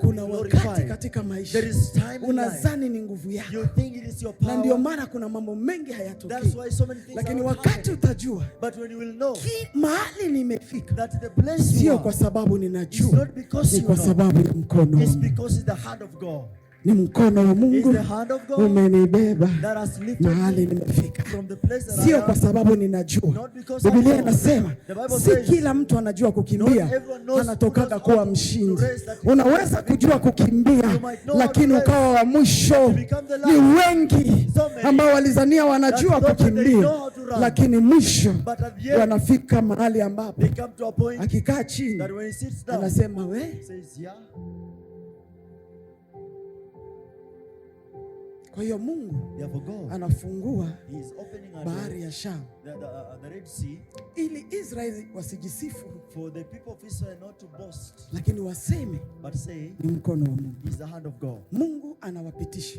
Kuna wakati katika maisha unazani ni nguvu yako, na ndio maana kuna mambo mengi hayatokei, lakini wakati utajua mahali nimefika, sio kwa sababu ninajua, ni kwa sababu ya mkono ni mkono wa Mungu umenibeba mahali nimefika, sio kwa sababu ninajua. Biblia inasema si kila mtu anajua kukimbia, anatokaga kuwa mshindi. Unaweza kujua kukimbia, lakini ukawa wa mwisho. Ni wengi ambao walizania wanajua kukimbia, lakini mwisho wanafika mahali ambapo akikaa chini anasema we Kwa hiyo Mungu anafungua bahari ya sham uh, ili Israeli wasijisifu, lakini waseme ni mkono wa Mungu. Mungu anawapitisha.